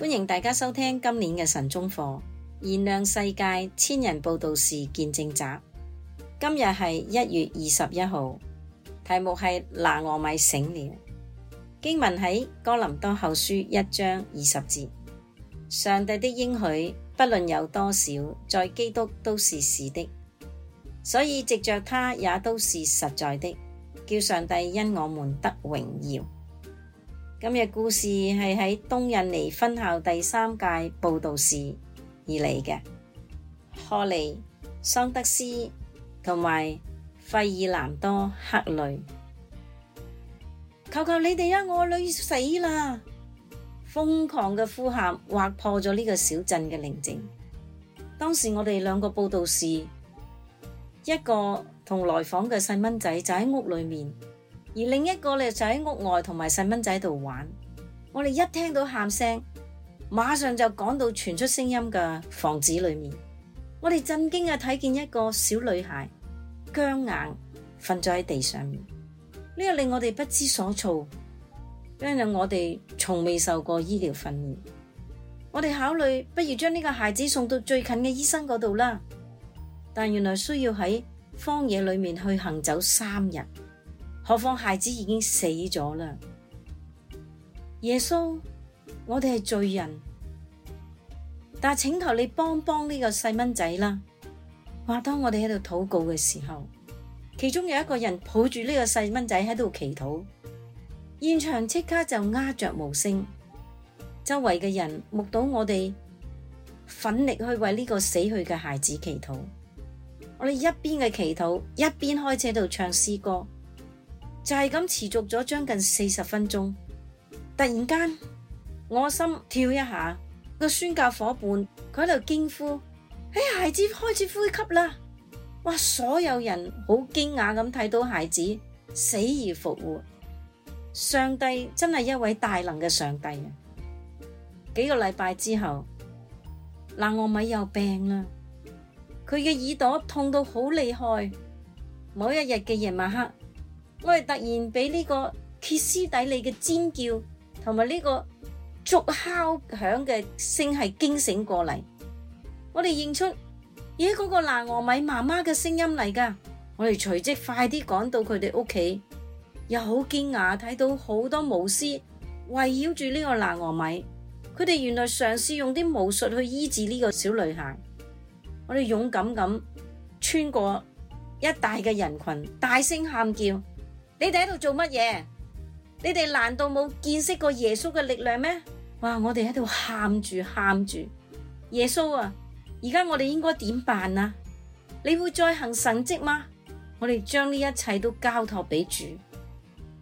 歡迎大家收聽今年嘅晨鐘課，燃亮世界千人佈道士見證集。今日係一月二十一號，題目係拿俄米醒了。經文喺哥林多後書一章二十節，上帝的應許不論有多少，在基督都是是的，所以藉着他，也都是實在的，叫上帝因我們得榮耀。今日故事係喺東印尼分校第三屆佈道士而嚟嘅，賀利桑德斯同埋費爾南多克雷。求求你哋啊！我女死啦！瘋狂嘅呼喊劃破咗呢個小鎮嘅寧靜。當時我哋兩個佈道士，一個同來訪嘅細蚊仔就喺屋裏面。而另一個咧就喺屋外同埋細蚊仔度玩，我哋一聽到喊聲，馬上就趕到傳出聲音嘅房子裏面。我哋震驚啊，睇見一個小女孩僵硬瞓咗喺地上面，呢個令我哋不知所措，因為我哋從未受過醫療訓練。我哋考慮不如將呢個孩子送到最近嘅醫生嗰度啦，但原來需要喺荒野裏面去行走三日。何況孩子已經死咗啦。耶穌，我哋係罪人，但係請求你幫幫呢個細蚊仔啦。話當我哋喺度禱告嘅時候，其中有一個人抱住呢個細蚊仔喺度祈禱，現場即刻就鴉雀無聲。周圍嘅人目睹我哋奮力去為呢個死去嘅孩子祈禱，我哋一邊嘅祈禱，一邊開始喺度唱詩歌。就係、是、咁持續咗將近四十分鐘，突然間我心跳一下，個宣教夥伴佢喺度驚呼：誒、哎，孩子開始呼吸啦！哇，所有人好驚訝咁睇到孩子死而復活，上帝真係一位大能嘅上帝啊！幾個禮拜之後，拿俄米又病啦，佢嘅耳朵痛到好厲害。某一日嘅夜晚黑。我哋突然俾呢個歇斯底里嘅尖叫同埋呢個竹敲響嘅聲係驚醒過嚟，我哋認出，咦，嗰個拿俄米媽媽嘅聲音嚟噶，我哋隨即快啲趕到佢哋屋企，又好驚訝睇到好多巫師圍繞住呢個拿俄米，佢哋原來嘗試用啲巫術去醫治呢個小女孩，我哋勇敢咁穿過一大嘅人群，大聲喊叫。你哋喺度做乜嘢？你哋難道冇見識過耶穌嘅力量咩？哇！我哋喺度喊住喊住，耶穌啊！而家我哋應該點辦啊？你會再行神蹟嗎？我哋將呢一切都交託俾主。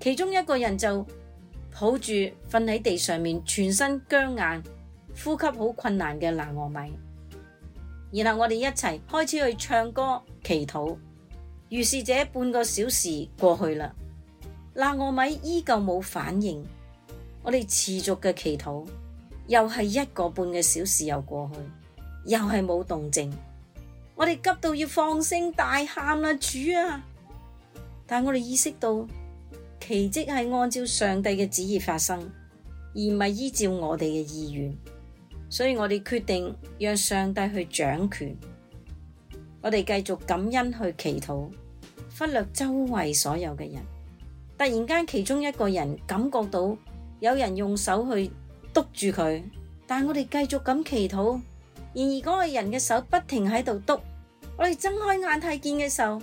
其中一個人就抱住瞓喺地上面，全身僵硬，呼吸好困難嘅拿俄米。然後我哋一齊開始去唱歌祈禱。如是者半個小時過去啦。拿俄米依舊冇反應，我哋持續嘅祈禱，又係一個半嘅小時又過去，又係冇動靜，我哋急到要放聲大喊啦，主啊！但我哋意識到奇蹟係按照上帝嘅旨意發生，而唔係依照我哋嘅意願，所以我哋決定讓上帝去掌權，我哋繼續感恩去祈禱，忽略周圍所有嘅人。突然間，其中一個人感覺到有人用手去督住佢，但我哋繼續咁祈禱。然而嗰個人嘅手不停喺度督，我哋睜開眼睇見嘅時候，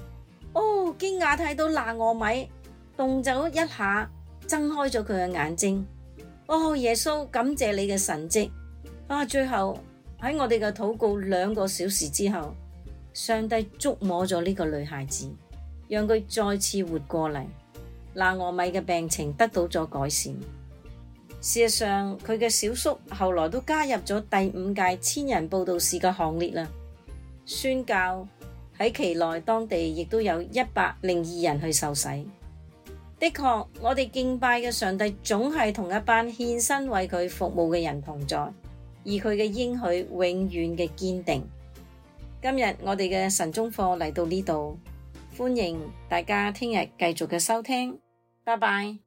哦，驚訝睇到拿俄米動咗一下，睜開咗佢嘅眼睛。哦，耶穌，感謝你嘅神蹟啊！最後喺我哋嘅禱告兩個小時之後，上帝觸摸咗呢個女孩子，讓佢再次活過嚟。拿俄米嘅病情得到咗改善。事實上，佢嘅小叔後來都加入咗第五屆千人佈道士嘅行列啦。宣教喺期內，當地亦都有一百零二人去受洗。的確，我哋敬拜嘅上帝總係同一班獻身為佢服務嘅人同在，而佢嘅應許永遠嘅堅定。今日我哋嘅晨鐘課嚟到呢度，歡迎大家聽日繼續嘅收聽。拜拜。